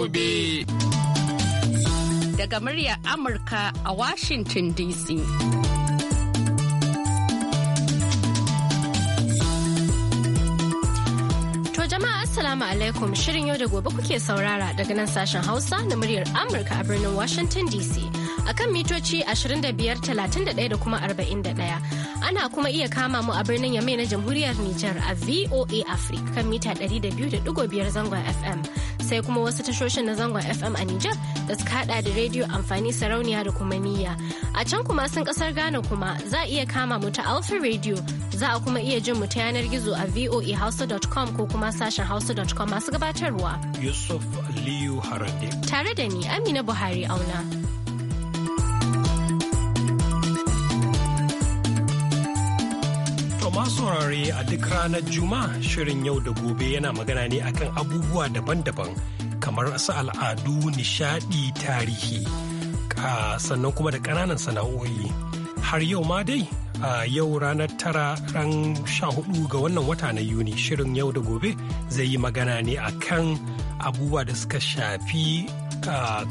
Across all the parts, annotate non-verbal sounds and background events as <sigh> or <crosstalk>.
gobe. Daga muryar Amurka a Washington DC. To jama'a Assalamu alaikum shirin yau da gobe kuke saurara daga nan sashen Hausa na muryar Amurka a birnin Washington DC. akan mitoci 25,31 da kuma 41. Ana kuma iya kama mu a birnin Yamai na Jamhuriyar Nijar a VOA Africa kan mita 200.5 zangon FM. sai kuma wasu tashoshin na zangon FM a Nijar da suka hada da rediyo amfani sarauniya da kuma niyya. A can kuma sun kasar Ghana kuma za a iya kama mu ta Alpha Radio za a kuma iya jin mu ta yanar gizo a voehouse.com ko kuma sashen hausa.com masu gabatarwa. Yusuf Aliyu Harade. Tare da ni Amina Buhari Auna. saurare a duk ranar Juma'a shirin yau da gobe yana magana ne akan abubuwa daban-daban kamar su al'adu, nishadi, tarihi, sannan kuma da ƙananan sana'o'i. Har yau ma dai a yau ranar tara ran sha hudu ga wannan wata na Yuni shirin yau da gobe zai yi magana ne akan abubuwa da suka shafi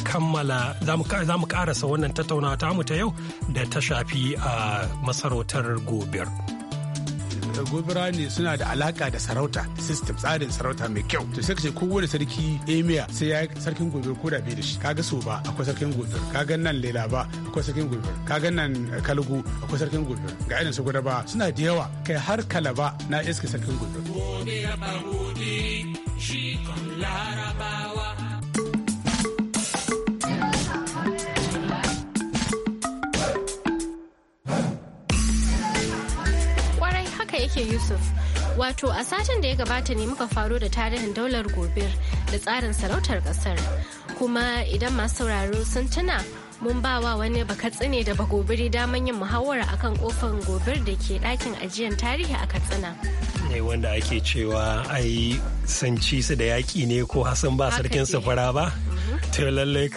kammala za mu karasa wannan tattaunawa ta yau da ta shafi a masarautar gobir. gobira suna da alaka da sarauta system tsarin sarauta mai kyau to sai kace kowane sarki emir sai ya sarkin gobir ko da bai da shi kaga so ba akwai sarkin gobir kaga nan lela ba akwai sarkin gobir kaga nan eh, kalgo akwai sarkin gobir ga irin su gudaba suna da yawa kai har kalaba na iska sarkin gobir. nake Yusuf. Wato a satin da ya gabata ne muka faro da tarihin daular gobe da tsarin sarautar kasar. Kuma idan masu sauraro sun tuna mun ba wa wani tsine da bagobiri daman yin muhawara akan kofar gobir da ke ɗakin ajiyar tarihi a Katsina. ne wanda ake cewa ai sun ci su da yaƙi ne ko hasan ba sarkin safara ba To lallai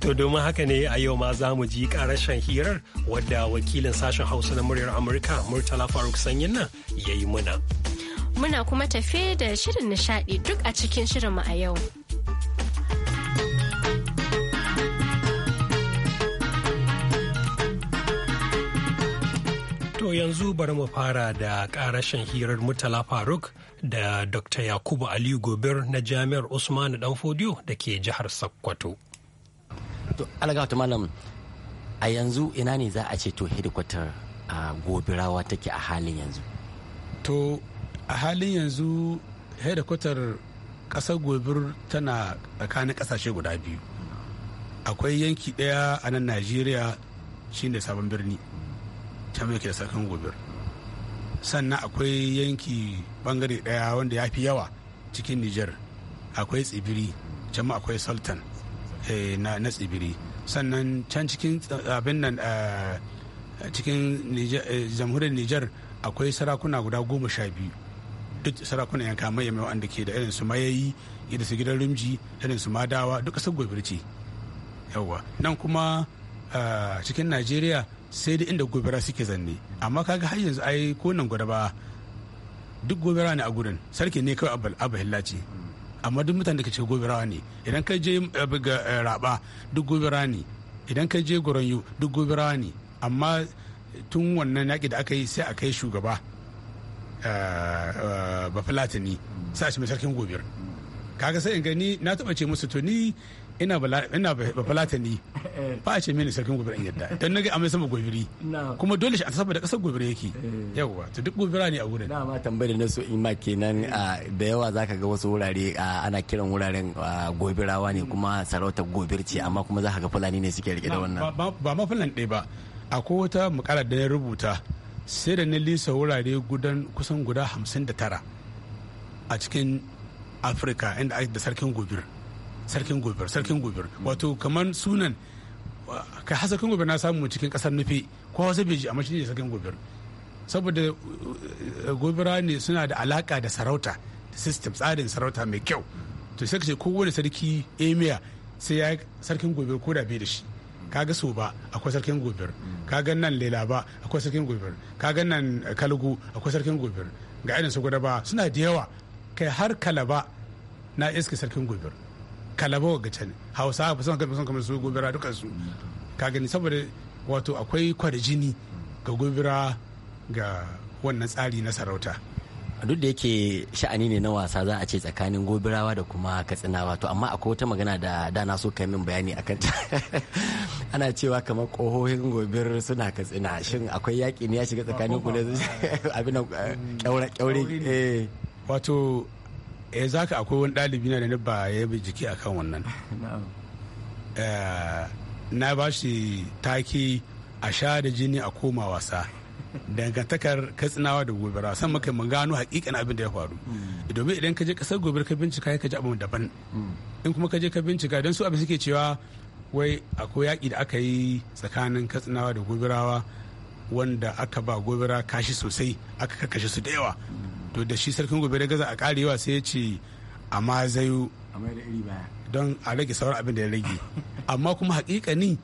to domin haka ne a yau ma za mu ji karashen hirar wadda wakilin sashen Hausa na muryar Amurka Murtala Faruk Sanyin nan ya yi muna. Muna kuma tafe da shirin nishaɗi duk a cikin shirin mu a yau. To yanzu bari mu fara da karashin hirar Murtala Faruk da Dr. Yakubu Aliyu Gobir na Jami'ar usman Danfodiyo da ke jihar Sokoto. To alagawa malam a yanzu ina ne za a ce to hedikwatar a gobirawa take a halin yanzu? To a halin yanzu hedikwatar kasar gobir tana tsakanin kasashe guda biyu. Akwai yanki ɗaya a nan Najeriya shine sabon birni. can mai ke sarkin gobir sannan akwai yanki bangare daya wanda ya fi yawa cikin niger akwai tsibiri can ma akwai sultan eh, na tsibiri sannan can cikin eh, abin nan eh, cikin jamhuriyar niger akwai sarakuna guda goma sha biyu duk sarakuna yanka mai mai wanda ke da irin su mayayi irin su gidan rumji irin su madawa duk kasar gobir ce yawwa nan kuma a cikin najeriya sai da inda gobera suke zanne amma kaga har yanzu ai ko nan gwada ba duk gobera ne a gurin sarki ne kawai abahilla ce amma duk mutane da ke ce gobera ne idan ka je eh, eh, raba duk gobera ne idan ka je yu duk gobera ne amma tun wannan yaƙi da aka yi sai a kai shugaba eh, filatini sa a cikin sarkin gobir kaga sai in gani na taɓa ce musu to ni ina ba falatani ba eh. a ce mini sarkin gobira in yadda don na ga amai sama gobiri kuma dole shi a da kasar gobira yake eh. yawa to duk gobira ne a wurin na ma tambayar na so ima kenan da yawa zaka ga wasu wurare ana kiran wuraren gobirawa ne kuma sarauta gobirci amma kuma zaka ga fulani ne suke rike da wannan ba ma fulani ɗaya ba akwai wata mukalar da na rubuta sai da na lisa wurare gudan kusan guda hamsin da tara a cikin afirka inda ake da sarkin gobir sarkin gobir sarkin gobir wato kamar sunan ka har sarkin gobir na samu cikin kasar nufe ko wasu beji amma shi ne sarkin gobir saboda eh, gobira ne suna da alaka da sarauta da system tsarin sarauta mai kyau to sai ka ce Wani sarki emir eh, sai ya sarkin gobir ko da bai da shi kaga so ba akwai sarkin gobir kaga nan lela ba akwai sarkin gobir kaga nan kalgu akwai sarkin gobir ga irin su ba suna da yawa kai har kalaba na iska sarkin gobir kalabo ga can hausa ba son kan kamar su gobira dukkan su ka gani saboda wato akwai kwarjini ga gobira ga wannan tsari na sarauta duk da yake sha'ani ne na wasa za a ce tsakanin gobirawa da kuma katsinawa to amma akwai wata magana da dana so kai min bayani a ta <laughs> ana cewa kamar kohohin gobir suna katsina shin akwai yaƙi ne ya shiga tsakanin ku da <laughs> abin kyaure eh. wato eh za ka akwai wani ɗalibi na da ba ya bi jiki a kan wannan eh, na ba shi taki a sha da jini a koma wasa dangantakar katsinawa da gobira san maka mun gano hakikan abin da ya faru mm. domin idan ka je kasar gobe ka bincika ka ji abin daban mm. in kuma ka je ka bincika don su abin suke cewa wai akwai yaƙi da aka yi tsakanin katsinawa da gobe wanda aka ba gobira kashi sosai aka kakashe su da yawa mm. to da shi sarkin gobe da gaza a karewa sai ya ce ma zayu don a rage sauran abin da ya rage <laughs> amma kuma hakikani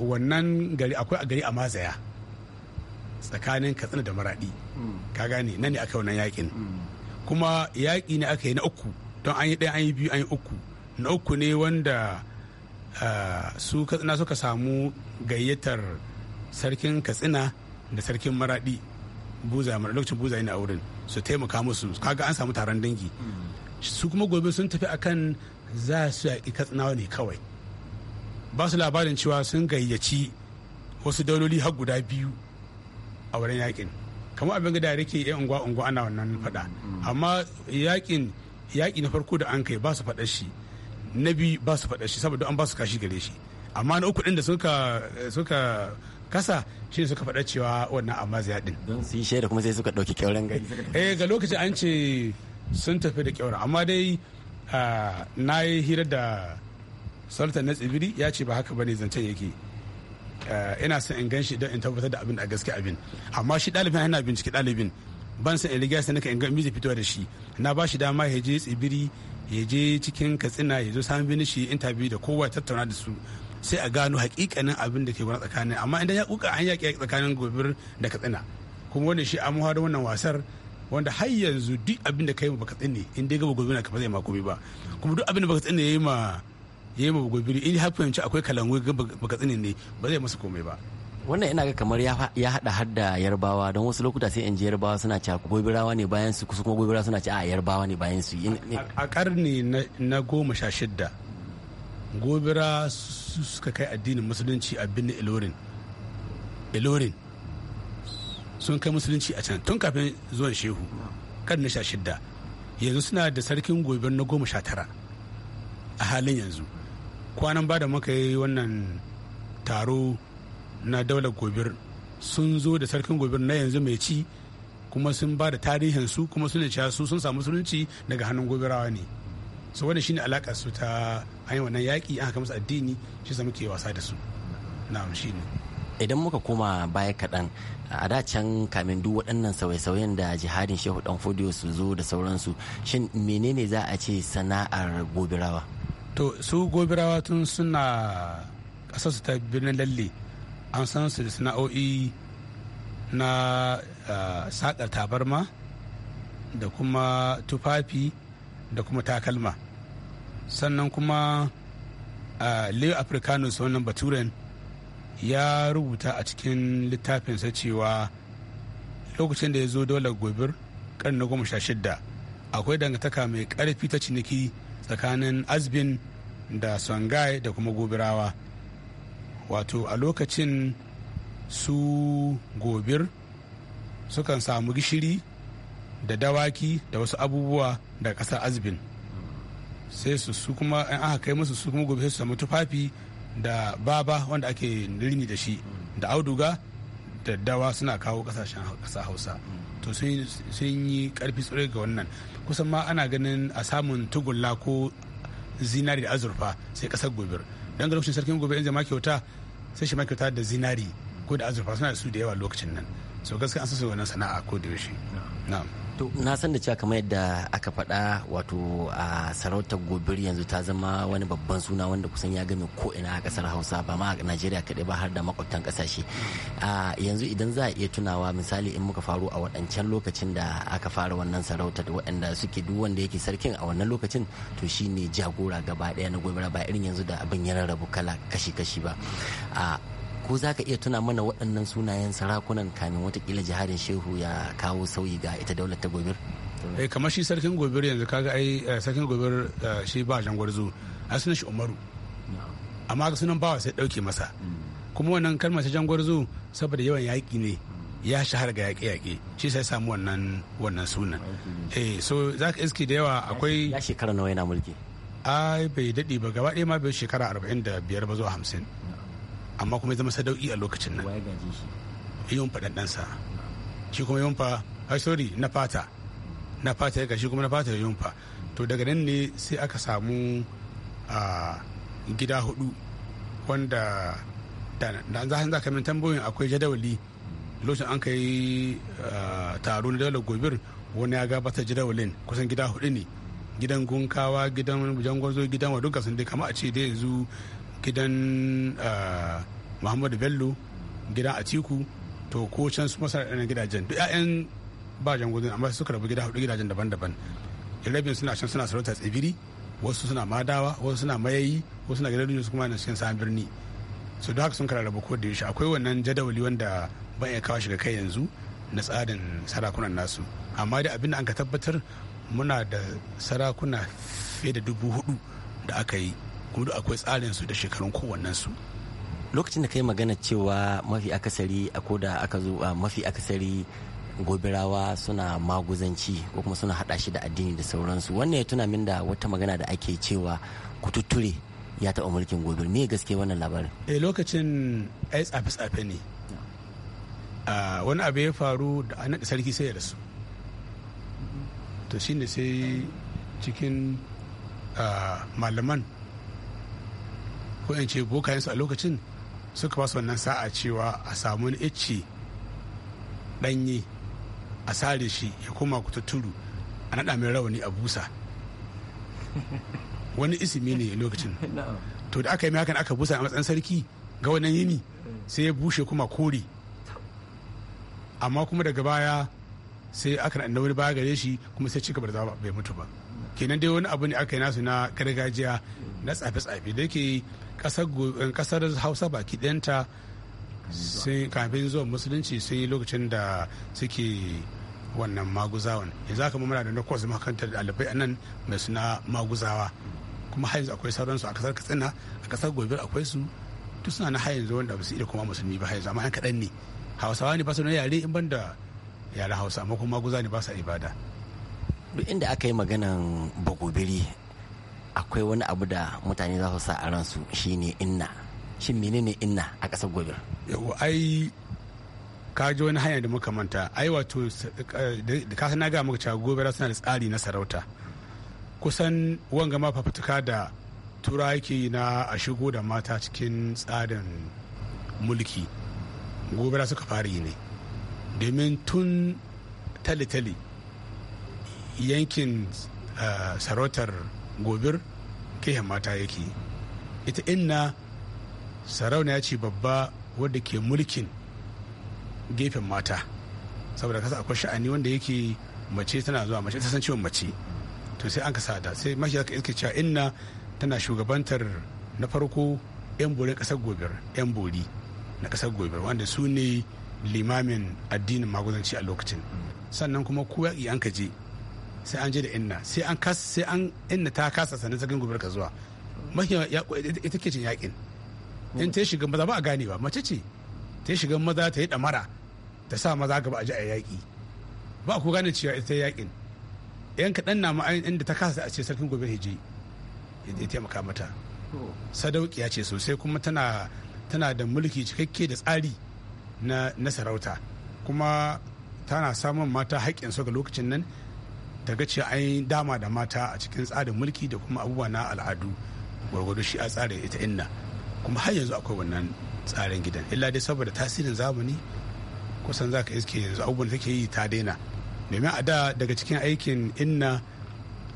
wannan gari akwai gari a mazaya tsakanin katsina da maradi mm. ka gane nan ne aka wannan yakin mm. kuma yaƙi ne aka yi na uku don an yi ɗaya an yi biyu an yi uku na uku ne wanda su katsina suka samu gayyatar sarkin katsina da sarkin maradi buza mana lokacin buza yana a wurin su taimaka musu kaga an samu taron dangi su kuma gobe sun tafi akan za su yaƙi katsinawa ne kawai ba su labarin cewa sun gayyaci wasu dauloli har guda biyu a wurin yakin kamar abin da rike yan unguwa unguwa ana wannan faɗa amma yakin yaƙi na farko da an kai ba su faɗa shi na biyu ba su faɗa shi saboda an ba su kashi gare shi amma na uku ɗin da suka suka kasa shi suka faɗa cewa wannan amaziya din don su yi shaida kuma sai suka ɗauki kyauren gari eh ga lokacin an ce sun tafi da kyaura amma dai na yi hira da sultan na tsibiri ya ce ba haka bane zancen yake ina son in gan shi don in tabbatar da abin a gaske abin amma shi ɗalibin yana bincike ɗalibin ban san in riga sai naka in ga miji fitowa da shi na ba shi dama ya je tsibiri ya je cikin katsina ya zo sami shi interview da kowa tattauna da su sai a gano hakikanin abin da ke gwana tsakanin amma idan ya kuka an yaƙi tsakanin gobir da katsina kuma wani shi an da wannan wasar wanda har yanzu duk abin da kai ba ka tsine in dai gaba gobir na kafa zai ma komai ba kuma duk abin da baka tsine yayi ma yayi ma gobir in har fahimci akwai kalangu ka tsine ne ba zai masa komai ba wannan yana ga kamar ya hada har da yarbawa don wasu lokuta sai in ji yarbawa suna ci gobirawa ne bayan su kusa kuma gobirawa suna ci a yarbawa ne bayan su a karni na goma sha shidda gobira su suka kai addinin musulunci a birnin ilorin ilorin sun kai musulunci a can tun kafin zuwan shehu kan na sha shidda yanzu suna da sarkin gobe na goma sha tara a halin yanzu kwanan ba da muka yi wannan taro na daular gobir sun zo da sarkin gobir na yanzu mai ci kuma sun ba da tarihinsu kuma sun su sun samu musulunci daga hannun gobirawa ne so shi shine alakar su ta hanyar wannan yaƙi an haka musu addini shi zama ke wasa da su na shi ne idan muka koma baya kaɗan a da can kamin duk waɗannan sauye-sauyen da jihadin shehu dan fodiyo su zo da sauransu shin menene za a ce sana'ar gobirawa to su gobirawa tun suna ƙasarsu ta birnin lalle an san su da sana'o'i na ah, saƙar tabarma da kuma tufafi da kuma takalma sannan kuma a leo africanus wannan baturen ya rubuta a cikin littafinsa cewa lokacin da ya zo dole gobir karni na goma sha shidda akwai dangantaka mai karfi ta ciniki tsakanin azbin da songai da kuma gobirawa wato a lokacin su gobir sukan samu gishiri da dawaki da wasu abubuwa da kasar azbin sai su su kuma in aka kai musu su kuma gobe su samu tufafi da baba wanda ake rini da shi da auduga da dawa suna kawo kasashen kasa hausa to sun yi karfi tsore ga wannan kusan ma ana ganin a samun tugulla ko zinari da azurfa sai kasar gobir don ga lokacin sarkin gobe in zama kyauta sai shi ma kyauta da zinari ko da azurfa suna da su da yawa lokacin nan so gaskiya an sassa wannan sana'a ko da yaushe na'am to na san da cewa kamar yadda aka faɗa wato a sarautar gobir yanzu ta zama wani babban suna wanda kusan ya game ko ina a kasar hausa ba ma a najeriya kaɗai ba har da makwabtan ƙasashe yanzu idan za a iya tunawa misali in muka faru a waɗancan lokacin da aka fara wannan sarautar waɗanda suke duk wanda yake sarkin a wannan lokacin to shi ne jagora gaba ɗaya na gobira ba irin yanzu da abin ya rarrabu kala kashi-kashi ba ko za ka iya tuna mana waɗannan sunayen sarakunan kamin watakila jihadin shehu ya kawo sauyi ga ita daular ta gobir eh kamar shi sarkin gobir yanzu kaga ai eh, sarkin gobir eh, shi ba jangwarzo a sunan shi umaru amma ga sunan bawa sai dauke masa kuma wannan kalmar ta jangwarzo saboda yawan yaƙi ne ya shahara ga yaƙe-yaƙe shi sai samu wannan wannan sunan eh so za ka iski da yawa akwai ya shekara nawa yana mulki ai bai dadi ba gaba ɗaya ma bai shekara arba'in da biyar ba zuwa hamsin amma kuma ya zama sadauki a lokacin nan yawan faɗaɗɗansa shi kuma yawan fa ai sorry na fata na fata ya gashi kuma na fata yawan fa to daga nan ne sai aka samu a gida hudu wanda da za za zaka min tambayoyin akwai jadawali lokacin an kai taro na dalar gobir wani ya gabatar jadawalin kusan gida hudu ne gidan gunkawa gidan jangon gidan wa duka sun dai kama a ce dai yanzu gidan ah, muhammadu bello gidan atiku to ko can su masara ɗanen gidajen duk 'ya'yan ba jangodin amma suka rabu gida hudu gidajen daban-daban rabin suna can suna sarauta tsibiri wasu suna madawa wasu suna mayayi wasu suna gidan su kuma na cikin sa'an birni so da haka sun kararraba ko da yaushe akwai wannan jadawali wanda ban iya kawo shiga kai yanzu na tsarin sarakunan nasu amma da abin da an ka tabbatar muna da sarakuna fiye da dubu hudu da aka yi kuma akwai tsarin su da shekarun kowannen su lokacin da kai magana cewa mafi akasari a koda aka zo mafi akasari gobirawa suna maguzanci ko kuma suna hada shi da addini da sauransu wannan ya tuna min da wata magana da ake cewa kututture ya taɓa mulkin gobir me gaske wannan labarin eh lokacin ai tsafe tsafi ne wani abu ya faru da an sarki sai ya rasu to shine sai cikin malaman ko in ce bokayensu a lokacin suka ba su wannan sa'a cewa a samu wani icce ɗanye a sare shi ya koma kutatturu a naɗa mai rawani a busa <laughs> wani isimi ne lokacin <laughs> to da aka yi hakan aka busa a matsayin sarki ga wannan yini sai ya bushe kuma kore amma kuma daga baya sai aka na wani baya gare shi kuma sai cika barza bai mutu ba kenan dai wani abu ne aka yi nasu na gargajiya na tsafe-tsafe da yake Eh, kasar hausa baki ɗanta kafin zuwa musulunci sun yi lokacin da suke wannan maguzawan yanzu aka muna da na kwas makarantar ɗalibai a nan mai suna maguzawa kuma har yanzu akwai sauransu a kasar katsina a kasar gobe akwai su duk suna na har yanzu wanda ba su iya kuma musulmi ba har yanzu amma an kaɗan ne hausawa ne ba su yare in ban da yare hausa amma kuma maguza ne ba su ibada duk inda aka yi maganan bagobiri akwai wani abu da mutane za su sa a ransu shine inna shin menene inna a ƙasar gobe. ai ka ji wani hanya da muka manta ai wato da eh, ka na ga muka cewa gobe suna da tsari na sarauta kusan wanga ma fafutuka da tura yake na a shigo da mata cikin tsarin mulki gobera suka fara yi ne domin tun tale-tale yankin eh, sarautar gobir kehen mata yake ita inna ya ce babba wadda ke mulkin gefen mata saboda kasa akwai sha'ani wanda yake mace tana zuwa mace ta san ciwon mace to sai an kasa da sai mashi ya iske cewa inna tana shugabantar na farko yan bori kasar gobir yan bori na kasar gobir wanda su ne limamin addinin maguzanci a lokacin sannan kuma ko yaƙi an ka je sai an je da inna sai an kasa sai an inna ta kasa sanin sakin gobe ka zuwa mafi ita ke cin yakin in ta shiga maza ba a gane ba mace ce ta shiga maza ta yi damara ta sa maza gaba a ji a yaƙi ba ku gane cewa ita yaƙin yan kaɗan na ma'ayin inda ta kasa a ce sarkin gobe hiji ya taimaka mata sadaukiya ce sosai kuma tana tana da mulki cikakke da tsari na sarauta kuma tana samun mata haƙƙin su ga lokacin nan ta ga cewa an dama da mata a cikin tsarin mulki da kuma abubuwa na al'adu gwargwado shi a tsarin ita inna kuma har yanzu akwai wannan tsarin gidan illa dai saboda tasirin zamani kusan za ka iske yanzu abubuwan take yi ta daina domin a da daga cikin aikin inna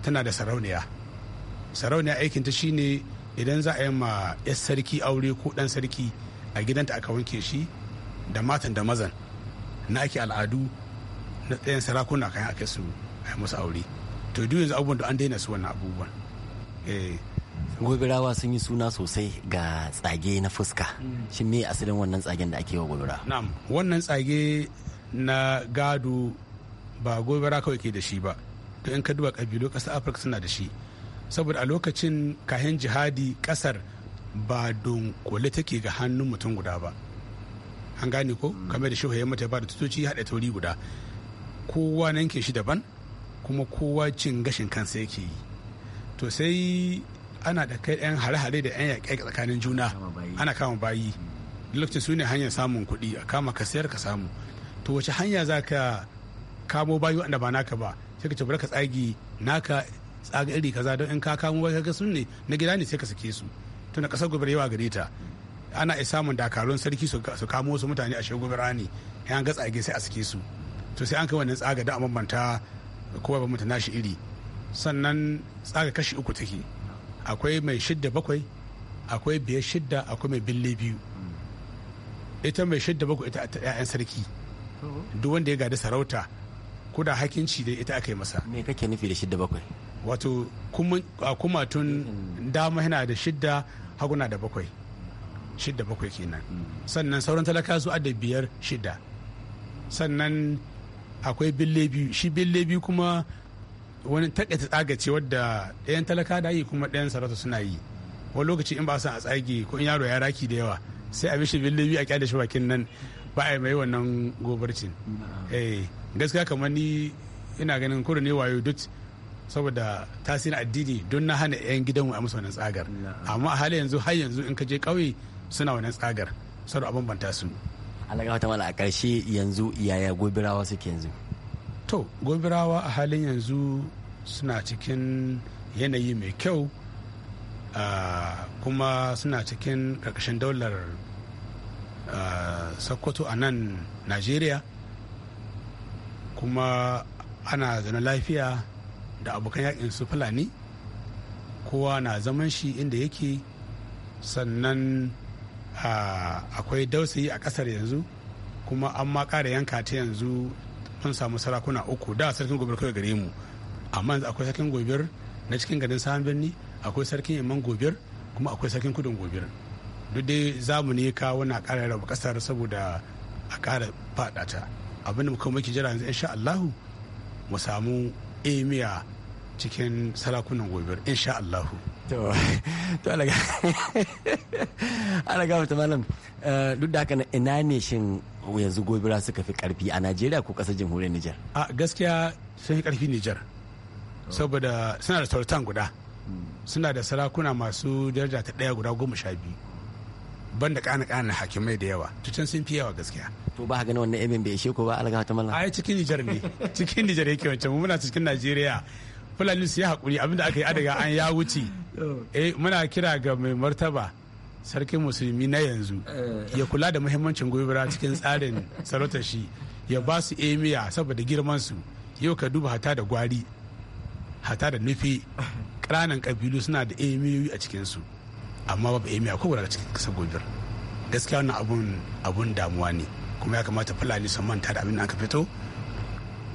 tana da sarauniya sarauniya aikin ta shine idan za a yi ma 'yar sarki aure ko dan sarki a gidanta aka wanke shi da matan da mazan na ake al'adu na tsayin sarakuna kayan ake su a masu aure to duk yanzu abubuwan da an daina su wannan abubuwan eh. gobirawa sun yi suna sosai ga tsage na fuska shi me asalin wannan tsagen da ake wa gobira na'am wannan tsage na gado ba gobira kawai ke da shi ba to in ka duba kabilu kasar afirka suna da shi saboda a lokacin kayan jihadi kasar ba don kole take ga hannun mutum guda ba an gane ko kamar da shi ya mata ba da tutoci haɗa tauri guda kowa na yanke shi daban kuma kowa cin gashin kansa yake yi to sai ana da kai yan hare-hare da yan yaƙe tsakanin juna ana kama bayi lokacin su ne hanyar samun kuɗi a kama ka sayar ka samu to wace hanya za ka kamo bayi wanda ba naka ba sai ka ci ka tsagi naka tsaga iri kaza don in ka kamo bayi ka sun ne na gida ne sai ka sake su na kasar gobe yawa gare ta ana iya samun dakarun sarki su kamo wasu mutane a shagubar rani yan ga tsage sai a sake su to sai an kai wannan tsaga da a bambanta kowa ba mutu nashi iri sannan tsaga kashi uku take akwai mai shidda bakwai akwai biyar shidda akwai mai bille biyu ita mai shidda bakwai ita ta 'ya'yan sarki duk wanda ya gada sarauta ko da hakinci da ita aka yi masa me kake nufi da shidda bakwai wato kuma tun dama yana da shidda haguna da bakwai shidda bakwai kenan mm. sannan sauran talaka su da biyar shidda sannan akwai bille biyu shi bille biyu kuma wani takaita tsagace wadda ɗayan talaka da yi kuma ɗayan sarauta suna yi wani lokaci in ba san a tsage ko in yaro ya raki da yawa sai a mishi bille biyu a kyale shi bakin nan ba a yi mai wannan gobarcin eh gaskiya kamar ni ina ganin kudu ne wayo duk saboda tasirin addini don na hana 'yan gidanmu a musu wannan tsagar amma a hali yanzu har yanzu in ka je ƙauye suna wannan tsagar saboda a bambanta su alaƙa ta mana a ƙarshe yanzu yaya gobirawa suke yanzu to gobirawa a halin yanzu suna cikin yanayi mai kyau kuma suna cikin ƙarƙashin daular sokoto a nan najeriya kuma ana zana lafiya da abokan yakin su fulani kowa na zaman shi inda yake sannan akwai dausayi a kasar yanzu kuma an ma ƙara yanka ta yanzu mun samu sarakuna uku da sarkin gobir kawai gare mu amma yanzu akwai sarkin gobir na cikin garin sahan birni akwai sarkin yamman gobir kuma akwai sarkin kudin gobir duk dai zamu ne ka kara ƙara rabu kasar saboda a ƙara faɗata abinda mu kuma muke jira yanzu insha Allahu mu samu E-miya. cikin sarakunan gobe insha Allah to <laughs> to ana <laughs> gafa malam eh, duk da haka na ina ne shin yanzu gobira suka fi karfi a Najeriya ko kasar jamhuriyar Nijar a gaskiya sun fi karfi Nijar saboda suna da sauratan guda suna da sarakuna masu daraja ta daya guda goma sha biyu da kana kana hakimai da yawa tutan sun fi yawa gaskiya to ba ganin wannan emin bai ishe ko ba alga ta mallam ai cikin Nijar ne <laughs> cikin Nijar yake wancan mu muna cikin Najeriya fulani su yi haƙuri abinda aka yi adaga an ya wuce eh muna kira ga mai martaba sarkin musulmi na yanzu ya kula da muhimmancin gobara cikin tsarin sarautar shi ya ba su emiya saboda girman su yau ka duba hata da gwari hata da nufi ƙananan ƙabilu suna da emiyoyi a cikinsu amma babu emiya ko guda cikin kasa gobir gaskiya wannan abun abun damuwa ne kuma ya kamata fulani su manta da abin da aka fito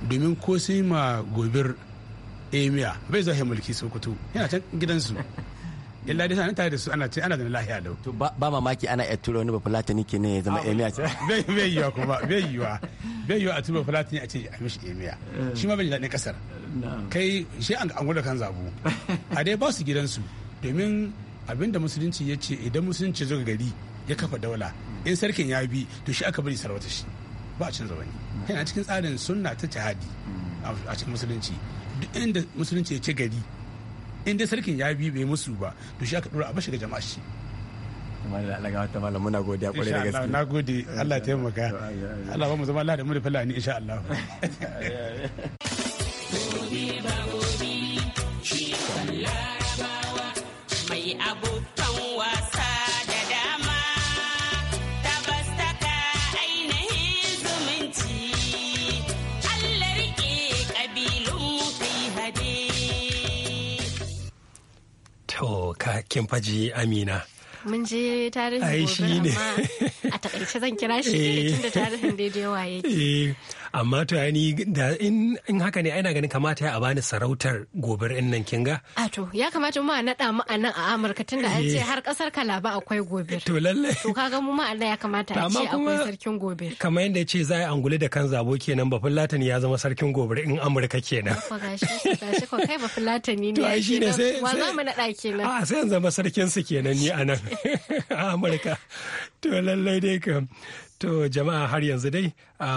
domin ko sai ma gobir emiya bai zuwa mulki sokoto yana can gidansu <laughs> illa dai sanin tare da su ana ce ana da lahiya lau to ba mamaki ana iya tura ba bafulatani ke ne ya zama ah, emiya ce bai bai yiwa kuma bai yiwa bai yiwa a turo bafulatani a ce a mishi emiya eh. shi ma bai daɗin kasar kai shi an gwada kan zabu <laughs> a dai ba su gidansu domin abinda musulunci ya ce idan musulunci zo gari ya kafa daula in sarkin ya bi to shi aka bari sarauta shi ba a canza wani yana cikin tsarin sunna ta jihadi a cikin musulunci duk inda musulunci ya ce gari inda sarkin ya bi bai musu ba to shi aka dora a bashi ga jama'a shi muna godiya kwarai da gaske na gode Allah ya taimaka Allah ba mu zama Allah da mu da fulani insha Allah gobe ba gobe shi Allah kin faji amina mun je tarihin gobe amma a takaice zan kira shi <laughs> eh. da tarihin daidai waye amma to yani da in haka ne ina ganin kamata ya a bani sarautar gobar in nan kinga a to ya kamata mu a nada mu a nan a Amurka tunda an ce eh. har kasar Kalaba akwai gobe to lalle to kaga mu ma Allah ya kamata a ce akwai sarkin gobe kamar yanda ce za a anguli da kan zabo kenan ba fulatani ya zama sarkin gobe in Amurka kenan ba gashi gashi ko kai ba fulatani ne to ai shine sai wa za mu nada kenan a sai zama sarkin su kenan ni a nan <laughs> a Amurka to lallai dai kam To jama'a har yanzu dai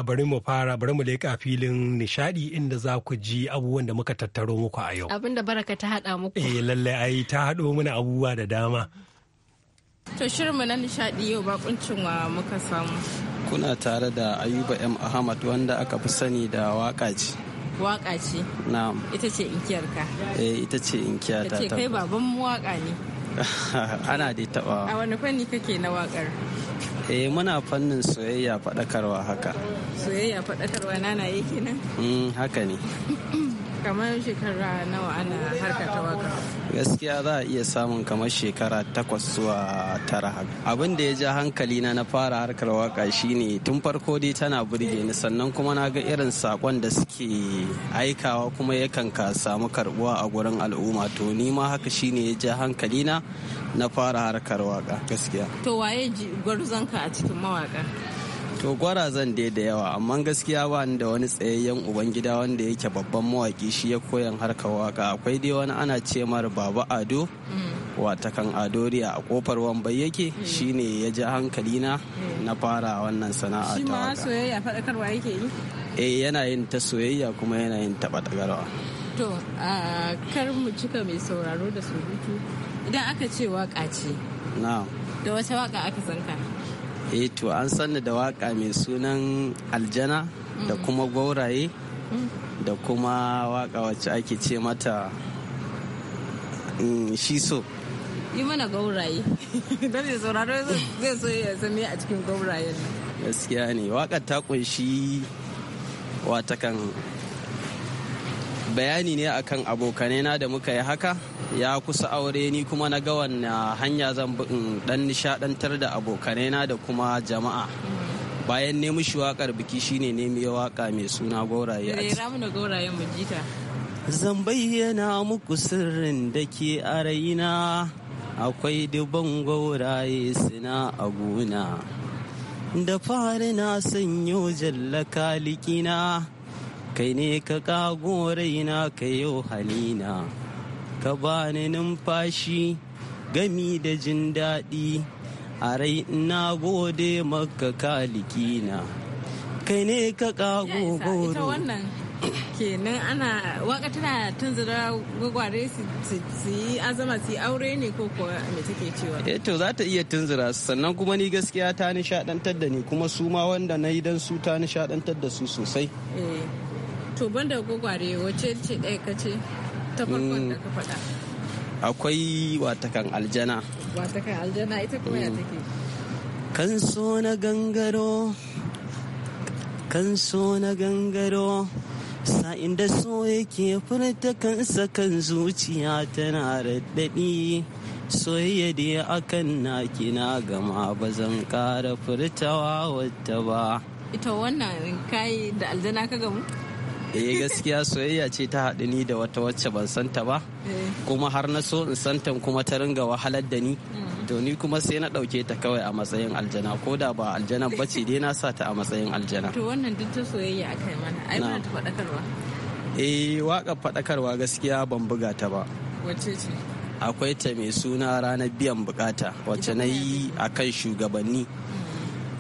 bari mu fara bari mu leƙa filin nishadi inda za ku ji abubuwan da muka tattaro muku a yau. Abin da baraka ta haɗa muku. Eh lallai ai ta haɗo mana abubuwa da dama. To shirinmu na nishadi yau bakuncin wa muka samu. Kuna tare da Ayuba M Ahmad wanda aka fi sani da waka ce. Waka ce. Na'am. Ita ce inkiyarka. Eh ita ce inkiyata. Ta ce kai baban waƙa waka ne. <laughs> Ana dai taɓa. A wani fanni kake na wakar? eh muna fannin soyayya faɗakarwa haka soyayya faɗakarwa na, na yake nan mm, haka ne <laughs> kamar shekara nawa ana harkar ta gaskiya za a iya samun kamar shekara takwas zuwa tara haka abin da ya ja hankali na na fara harkar waka shine tun farko dai tana burge ni sannan kuma na ga irin sakon da suke aikawa kuma yakan ka samu karbuwa a gurin al'umma to ni ma haka shine ya ja hankali na na fara harkar waka gaskiya to waye gwarzonka a cikin mawaka to zan dai da yawa amma gaskiya ba ni da wani tsayayyen ubangida wanda yake babban mawaki shi ya koyan harkar waka akwai dai wani ana ce mar baba ado mm. watakan adoriya a kofar wambai yake mm. shine ya ji hankali na mm. na fara wannan sana'a ta waka soyayya faɗakarwa yake yi eh yana yin ta soyayya kuma yana yin ta faɗakarwa to a kar mu cika mai sauraro da surutu idan aka ce waka ce da wata waka aka san eh to an sanni da waka mai sunan aljana da mm. kuma gwauraye mm. da kuma waka wacce ake ce mata mm, shi so yi mana gauraye <laughs> don ya sauraro zai so ya sami a cikin gaurayen gaskiya ne waƙar ta kunshi watakan bayani ne akan abokanai na da muka yi haka ya kusa aure ni kuma na ga wannan hanya zan dan nishadantar da abokanaina da kuma jama'a bayan nemi shi biki shine nemi waka mai suna gauraye a zan bayyana muku sirrin da ke a raina akwai dubban gauraye suna a gona da fari na sanyo jallaka likina kai ne ka kagorai na ka halina ka bani numfashi gami da jin daɗi a rai na gode maka kalikina kai ne ka ƙago goro kenan ana waka tana tunzura gwagware su yi azama su yi aure ne ko kuwa me take cewa eh to za ta iya tunzura sannan kuma ni gaskiya ta nishadantar da ni kuma su ma wanda na yi dan su ta nishadantar da su sosai eh, to banda gwagware wace ce ɗaya kace ta farkon hmm. da ka faɗa akwai watakan aljana watakan aljana ita kuma ya hmm. take kan so na gangaro kan so na gangaro sa'in da so yake furta kansa kan zuciya tana raddadi soyayya da akan na kina gama ba zan kara furtawa wata ba ita wannan kai da aljana ka gamu eh gaskiya soyayya ce ta haɗu ni da wata wacce ban santa ba eh. kuma har na so in santa kuma ta ringa wahalar da ni mm. to ni kuma sai na ɗauke ta kawai a matsayin aljana ko da ba aljana ba ce dai na sa ta a matsayin aljana to wannan duk ta soyayya aka yi mana ai ta faɗakarwa eh waƙar faɗakarwa gaskiya ban buga ta ba wacce ce akwai ta mai suna ranar biyan bukata wacce na yi a kan shugabanni mm.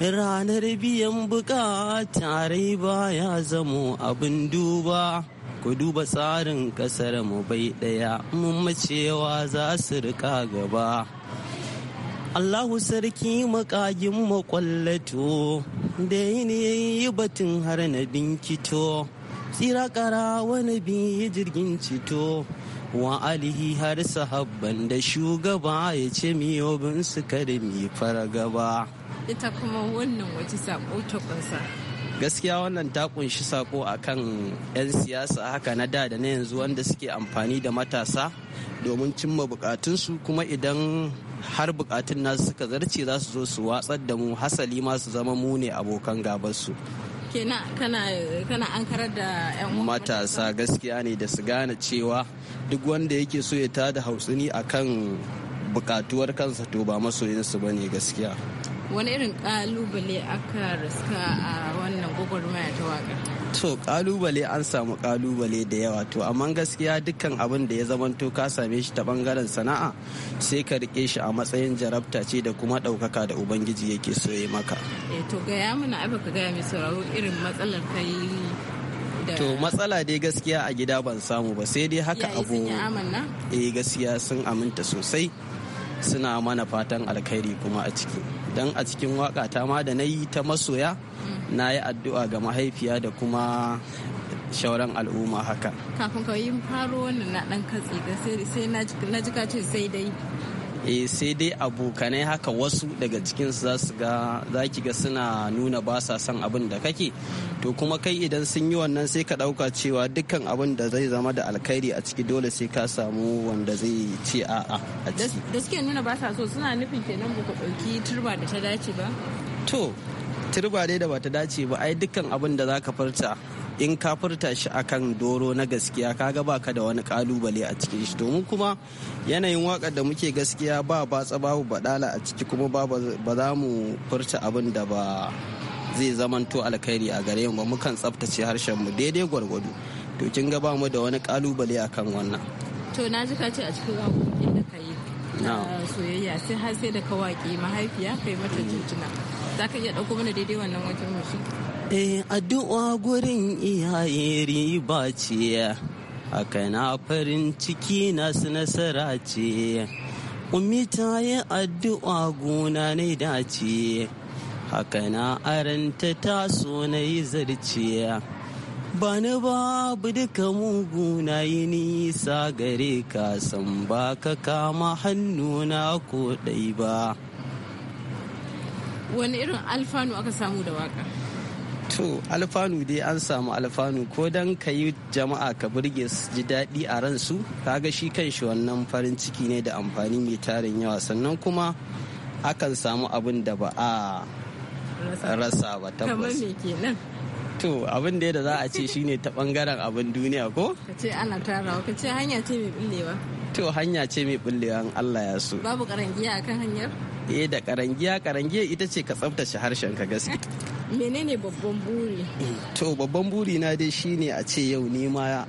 ranar biyan bukata rai baya zamo abin duba ku duba tsarin kasar mu bai daya mun macewa za su rika gaba Allahu sarki makagin makwallato da yi yi batun har na binkito tsira kara wani biyi jirgin cito wa alihi har sahabban da shugaba ya ce miyobin su kada mi fargaba. gaba ita kuma wannan wace sako ta kunsa gaskiya wannan ta kunshi sako akan 'yan siyasa haka na da da na yanzu wanda suke amfani da matasa domin cimma bukatunsu kuma idan har bukatun nasu suka zarce za su zo su watsar da mu hasali ma su zama mu ne abokan gabarsu kenan da matasa gaskiya ne da su gane cewa duk wanda yake so ya tada hausuni akan bukatuwar kansa to ba masoyinsu bane gaskiya wani irin kalubale aka riska a wannan gwagwarmaya ta wakar to kalubale an samu kalubale da yawa to amma gaskiya dukkan abin da ya zamanto ka same shi ta bangaren sana'a sai ka rike shi a matsayin jarabta ce da kuma ɗaukaka da ubangiji yake so ya maka eh, to ya muna abin ka gaya mai sauraro irin matsalar kai to matsala dai gaskiya a gida ban samu ba sai dai haka abu eh gaskiya sun aminta sosai suna mana fatan alkhairi kuma a ciki don a cikin waka ta ma da na yi ta masoya na yi addu'a ga mahaifiya da kuma shauran al'umma haka kafin ka yi faro wannan na ɗan katse sai na ji ka ce sai dai eh sai dai abokanai haka wasu daga cikin su za su ga za ga suna nuna ba sa son abin da kake to kuma kai idan sun yi wannan sai ka dauka cewa dukkan abin da zai zama da alkhairi a ciki dole sai ka samu wanda zai ce a'a a ciki da suke nuna ba sa so suna nufin kenan ba ka dauki turba da ta dace ba to turba dai da bata dace ba ai dukkan abin da zaka furta in ka furta shi akan doro na gaskiya kaga baka da wani kalubale a cikin shi domin kuma yanayin waka da muke gaskiya ba ba babu badala a ciki kuma ba za mu furta abin da ba zai zamanto alkhairi a gare mu ba mukan tsaftace harshen mu daidai gwargwado to kin ga ba mu da wani kalubale akan wannan to na ji ka ce a cikin waƙoƙin da ka yi soyayya sai har sai da ka waƙe mahaifiya kai mata jinjina za ka iya ɗauko mana daidai wannan wajen mushi eh addu'a gurin iyaye riba ce haka na farin ciki nasu nasara ce ummi ta yi addu'a gona ne dace haka na aranta taso na yi zarciya ba ni babu duka muguna yi nisa gare ka san ba ka kama hannu na ko ɗai ba wani irin alfanu aka samu da waka to alfanu dai an samu alfanu ko don ka yi jama'a ka burge su ji daɗi a ransu kaga shi kan shi wannan farin ciki ne da amfani mai tarin yawa sannan kuma akan samu abin da ba a rasa ba tabbas to abin da za a ce shine ta bangaren abin duniya ko ka ce ana tarawa ka ce hanya ce mai billewa to hanya ce mai billewa in Allah ya so babu karangiya akan hanyar eh da karangiya karangiya ita ce ka tsaftace harshen ka gaske menene babban buri to babban buri na dai shine a ce yau ni ma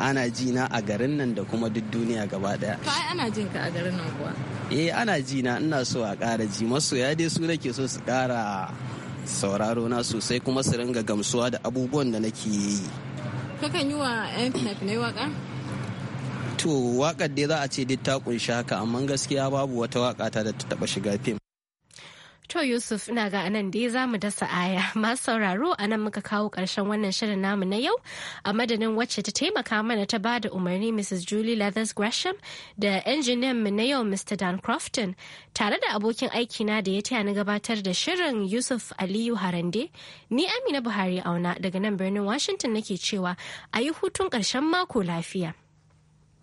ana ji a garin nan da kuma duk duniya gaba daya fa ana jin ka a garin nan kuwa eh ana jina ina so a ƙara ji masoya dai su nake so su ƙara sauraro na sosai kuma su ringa gamsuwa da abubuwan da nake yi kakan yi wa yan fina waka to wakar da za a ce duk ta kunshi haka amma gaskiya babu wata waka ta da ta taba shiga fim To Yusuf ina ga anan dai za mu dasa aya <laughs> masu sauraro a nan muka kawo ƙarshen wannan shirin namu na yau a madadin wacce ta taimaka mana ta ba da umarni Mrs. Julie Leathers Gresham da injiniyan mu na yau Mr. Dan Crofton tare da abokin aiki na da ya taya ni gabatar da shirin Yusuf Aliyu Harande ni Amina Buhari auna daga nan birnin Washington nake cewa a yi hutun ƙarshen mako lafiya.